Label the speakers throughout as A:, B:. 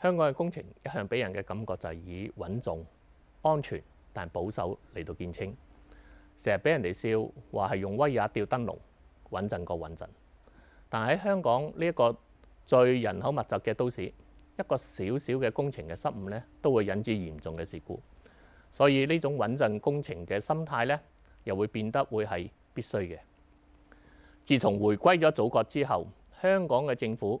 A: 香港嘅工程一向俾人嘅感覺就係以穩重、安全但保守嚟到見稱，成日俾人哋笑話係用威亞吊燈籠，穩陣過穩陣。但喺香港呢一個最人口密集嘅都市，一個小小嘅工程嘅失誤咧，都會引致嚴重嘅事故。所以呢種穩陣工程嘅心態咧，又會變得會係必須嘅。自從回歸咗祖國之後，香港嘅政府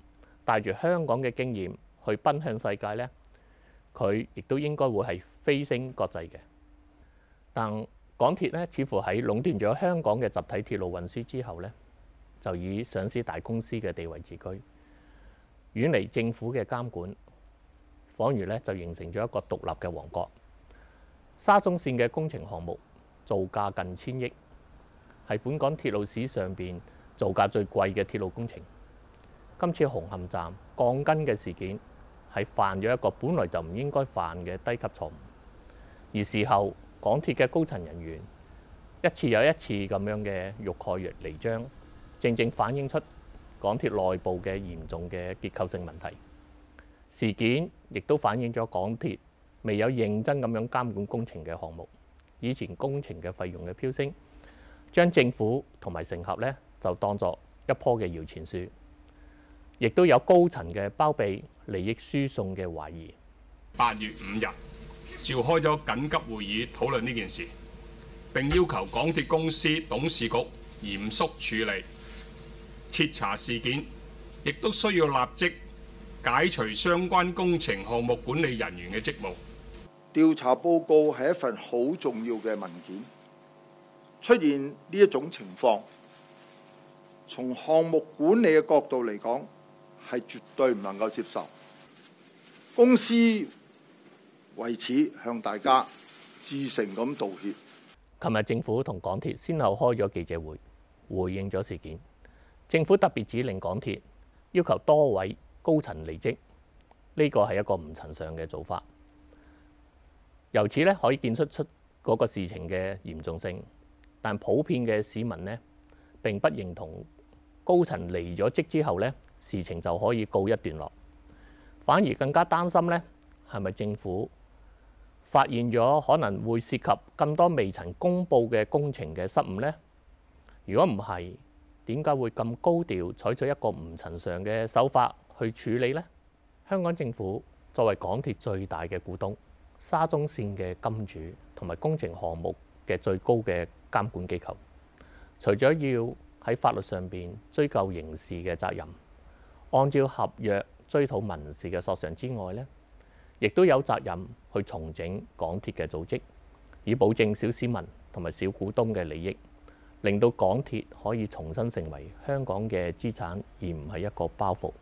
A: 帶住香港嘅經驗去奔向世界呢，佢亦都應該會係飛升國際嘅。但港鐵咧，似乎喺壟斷咗香港嘅集體鐵路運輸之後呢，就以上市大公司嘅地位自居，遠離政府嘅監管，彷如咧就形成咗一個獨立嘅王國。沙中線嘅工程項目造價近千億，係本港鐵路史上面造價最貴嘅鐵路工程。今次紅磡站鋼筋嘅事件係犯咗一個本來就唔應該犯嘅低級錯誤，而事後港鐵嘅高層人員一次又一次咁樣嘅欲蓋彌彰，正正反映出港鐵內部嘅嚴重嘅結構性問題。事件亦都反映咗港鐵未有認真咁樣監管工程嘅項目，以前工程嘅費用嘅飆升，將政府同埋乘客咧就當作一棵嘅搖錢樹。亦都有高層嘅包庇、利益輸送嘅懷疑。八月五日召開咗緊急會議討論呢件事，並要求港鐵公司董事局嚴肅處理、徹查事件，亦都需要立即解除相關工程項目管理人員嘅職務。
B: 調查報告係一份好重要嘅文件，出現呢一種情況，從項目管理嘅角度嚟講。係絕對唔能夠接受，公司為此向大家致誠咁道歉。
A: 琴日政府同港鐵先後開咗記者會，回應咗事件。政府特別指令港鐵要求多位高層離職，呢個係一個唔尋常嘅做法。由此咧可以見出出嗰個事情嘅嚴重性，但普遍嘅市民呢，並不認同高層離咗職之後呢，事情就可以告一段落，反而更加擔心咧，係咪政府發現咗可能會涉及更多未曾公布嘅工程嘅失誤咧？如果唔係，點解會咁高調採取一個唔尋常嘅手法去處理咧？香港政府作為港鐵最大嘅股東、沙中綫嘅金主同埋工程項目嘅最高嘅監管機構，除咗要喺法律上邊追究刑事嘅責任。按照合約追討民事嘅索償之外呢，咧亦都有責任去重整港鐵嘅組織，以保證小市民同埋小股東嘅利益，令到港鐵可以重新成為香港嘅資產，而唔係一個包袱。